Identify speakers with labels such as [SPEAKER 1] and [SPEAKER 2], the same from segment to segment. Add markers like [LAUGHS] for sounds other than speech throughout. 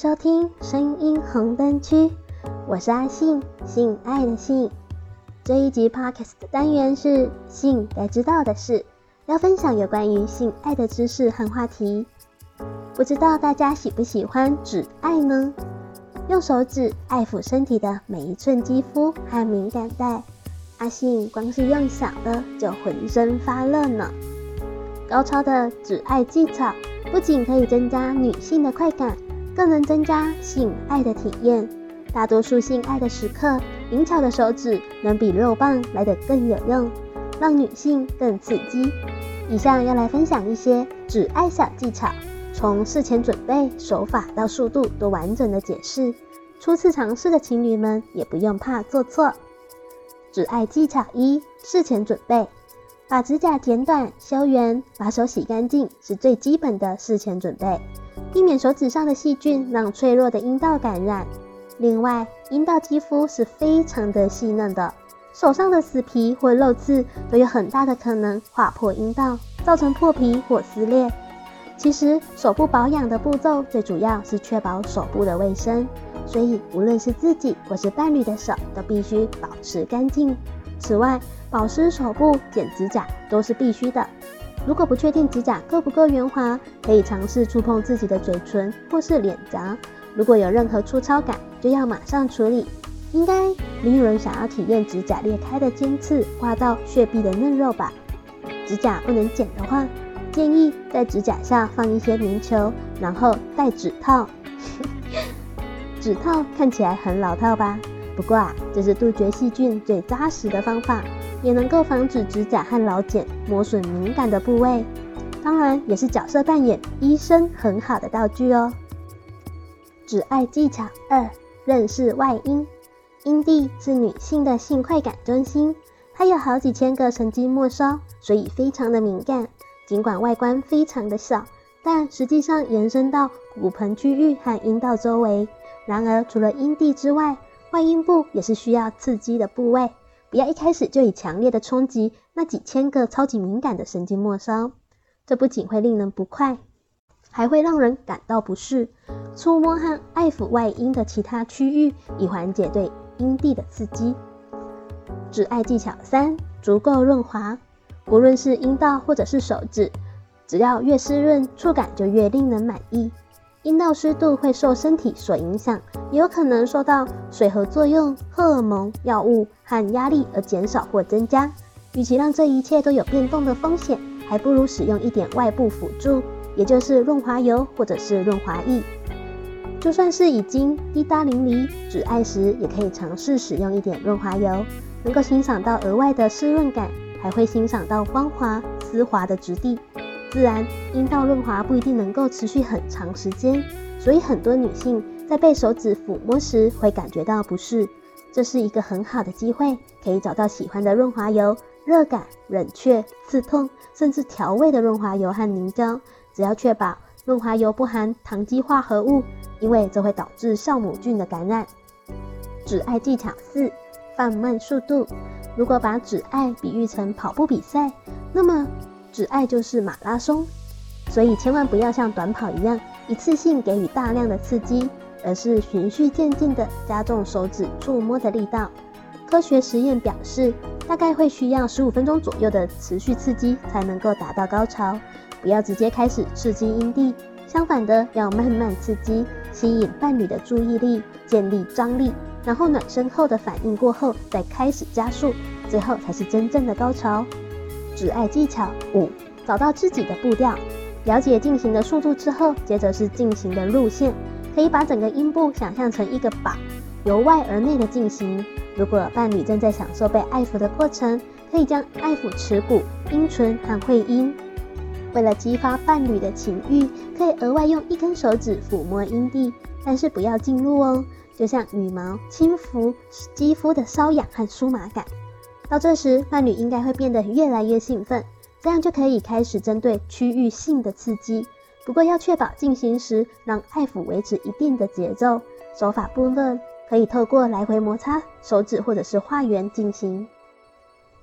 [SPEAKER 1] 收聽聲音紅燈區，我是阿性，性愛的性。這一集 podcast 的單元是性該知道的事，要分享有關於性愛的知識和話題。不知道大家喜不喜歡指愛呢？用手指愛撫身體的每一寸肌膚，還有敏感帶。阿性光是用想的就渾身發熱呢。高超的指愛技巧不僅可以增加女性的快感，更能增加性愛的體驗。大多數性愛的時刻，靈巧的手指能比肉棒來得更有用，讓女性更刺激。以上要來分享一些指愛小技巧，從事前準備、手法到速度都完整的解釋。初次嘗試的情侶們也不用怕做錯。指愛技巧一：事前準備，把指甲剪短修圓，把手洗乾淨是最基本的事前準備。避免手指上的細菌讓脆弱的陰道感染。另外，陰道肌膚是非常的細嫩的，手上的死皮或肉刺都有很大的可能劃破陰道，造成破皮或撕裂。其實，手部保養的步驟最主要是確保手部的衛生，所以無論是自己或是伴侶的手都必須保持乾淨。此外，保濕手部、剪指甲都是必須的。如果不確定指甲夠不夠圓滑，可以嘗試觸碰自己的嘴唇或是臉頰。如果有任何粗糙感，就要馬上處理。應該沒有人想要體驗指甲裂開的尖刺刮到血壁的嫩肉吧？指甲不能剪的話，建議在指甲下放一些棉球，然後戴指套。指 [LAUGHS] 套看起來很老套吧？不過啊，這是杜絕細菌最紮實的方法。也能夠防止指甲和老繭磨損敏感的部位，當然也是角色扮演醫生很好的道具哦。指愛技巧二：認識外陰。陰蒂是女性的性快感中心，它有好幾千個神經末梢，所以非常的敏感。儘管外觀非常的小，但實際上延伸到骨盆區域和陰道周圍。然而，除了陰蒂之外，外陰部也是需要刺激的部位。不要一開始就以強烈的衝擊那幾千個超級敏感的神經末梢，這不僅會令人不快，還會讓人感到不適。觸摸和愛撫外陰的其他區域，以緩解對陰蒂的刺激。指愛技巧三：足夠潤滑。無論是陰道或者是手指，只要越濕潤，觸感就越令人滿意。陰道濕度會受身體所影響，也有可能受到水合作用、荷爾蒙、藥物和壓力而減少或增加。與其讓這一切都有變動的風險，還不如使用一點外部輔助，也就是潤滑油或者是潤滑液。就算是已經滴答淋漓，指愛時也可以嘗試使用一點潤滑油，能夠欣賞到額外的濕潤感，還會欣賞到光滑絲滑的質地。自然陰道潤滑不一定能夠持續很長時間，所以很多女性在被手指撫摸時會感覺到不適。這是一個很好的機會，可以找到喜歡的潤滑油、熱感、冷卻、刺痛，甚至調味的潤滑油和凝膠。只要確保潤滑油不含糖基化合物，因為這會導致酵母菌的感染。指愛技巧四：放慢速度。如果把指愛比喻成跑步比賽，那麼，指愛就是馬拉松，所以千萬不要像短跑一樣一次性給予大量的刺激，而是循序漸進地加重手指觸摸的力道。科學實驗表示，大概會需要十五分鐘左右的持續刺激才能夠達到高潮。不要直接開始刺激陰蒂，相反的要慢慢刺激，吸引伴侶的注意力，建立張力，然後暖身後的反應過後再開始加速，最後才是真正的高潮。指愛技巧五，5. 找到自己的步調，了解進行的速度之後，接着是進行的路線，可以把整個陰部想象成一個靶，由外而內的進行。如果伴侶正在享受被愛撫的過程，可以將愛撫恥骨、陰唇和會陰。為了激發伴侶的情欲，可以額外用一根手指撫摸陰蒂，但是不要進入哦，就像羽毛輕撫肌膚的瘙癢和酥麻感。到這時，伴侶應該會變得越來越興奮，這樣就可以開始針對區域性的刺激。不過要確保進行時，讓愛撫維持一定的節奏。手法部分可以透過來回摩擦手指或者是畫圓進行。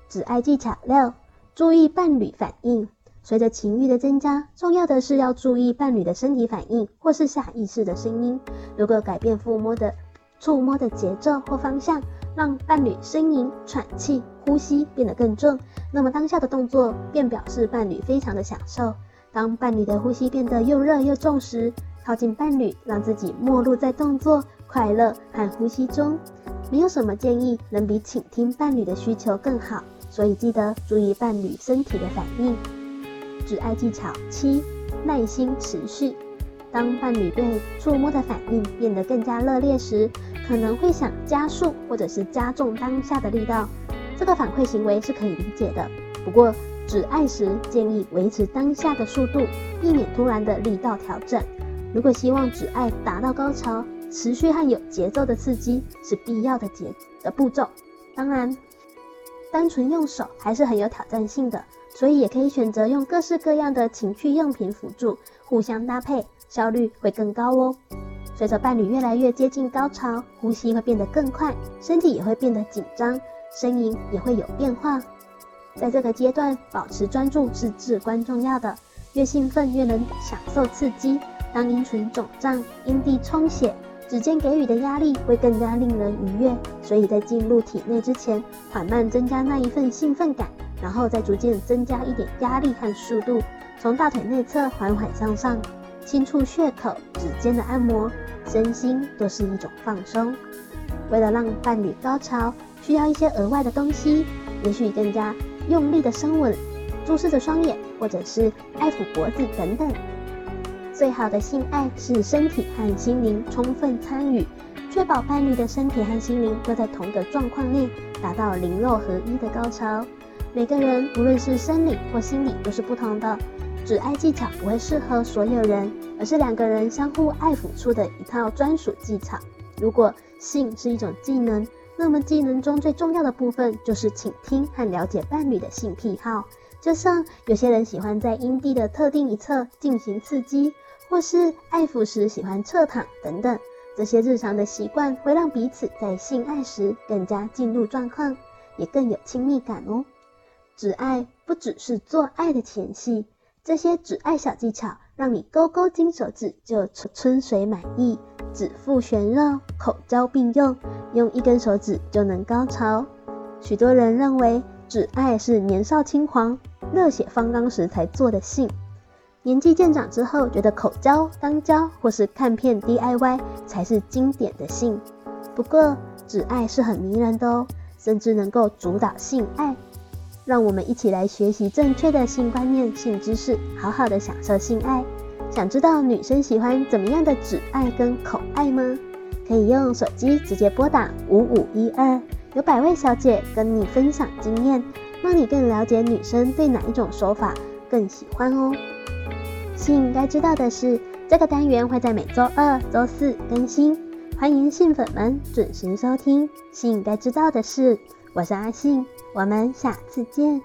[SPEAKER 1] 指愛技巧六：注意伴侶反應。隨着情欲的增加，重要的是要注意伴侶的身體反應或是下意識的聲音。如果改變撫摸的、觸摸的節奏或方向。讓伴侶呻吟、喘氣、呼吸變得更重，那麼當下的動作便表示伴侶非常的享受。當伴侶的呼吸變得又熱又重時，靠近伴侶，讓自己沒入在動作、快樂和呼吸中。沒有什麼建議能比傾聽伴侶的需求更好，所以記得注意伴侶身體的反應。指愛技巧七：耐心持續。當伴侶對觸摸的反應變得更加熱烈時，可能會想加速，或者是加重當下的力道，這個反饋行為是可以理解的。不過，指愛時建議維持當下的速度，避免突然的力道調整。如果希望指愛達到高潮，持續和有節奏的刺激是必要的節的步驟。當然，單純用手還是很有挑戰性的，所以也可以選擇用各式各樣的情趣用品輔助，互相搭配，效率會更高哦。隨着伴侶越來越接近高潮，呼吸會變得更快，身體也會變得緊張，聲音也會有變化。在這個階段，保持專注是至關重要的。越興奮，越能享受刺激。當陰唇腫脹，脹，陰蒂充血，指尖給予的壓力會更加令人愉悅。所以在進入體內之前，緩慢增加那一份興奮感，然後再逐漸增加一點壓力和速度，從大腿內側緩緩向上，輕觸穴口，指尖的按摩。身心都是一種放鬆。為了讓伴侶高潮，需要一些額外的東西，也許更加用力的深吻、注視着雙眼，或者是愛撫脖子等等。最好的性愛是身體和心靈充分參與，確保伴侶的身體和心靈都在同一個狀況內，達到靈肉合一的高潮。每個人無論是生理或心理都是不同的。指愛技巧不會適合所有人，而是兩個人相互愛撫出的一套專屬技巧。如果性是一種技能，那麼技能中最重要的部分就是傾聽和了解伴侶的性癖好。就像有些人喜歡在陰蒂的特定一側進行刺激，或是愛撫時喜歡側躺等等，這些日常的習慣會讓彼此在性愛時更加進入狀況，也更有親密感哦。指愛不只是做愛的前戲，這些指愛小技巧，讓你勾勾金手指就春水滿溢，指腹旋繞，口交併用，用一根手指就能高潮。許多人認為指愛是年少輕狂、熱血方剛時才做的性，年紀漸長之後覺得口交、肛交或是看片 DIY 才是經典的性。不過指愛是很迷人的哦，甚至能夠主導性愛。讓我們一起來學習正確的性觀念、性知識，好好的享受性愛。想知道女生喜歡怎麼樣的指愛跟口愛嗎？可以用手機直接撥打五五一二，有百位小姐跟你分享經驗，讓你更了解女生對哪一種手法更喜歡哦。性該知道的事，這個單元會在每周二、周四更新，歡迎性粉們準時收聽《性該知道的事》。我是阿性，我們下次見。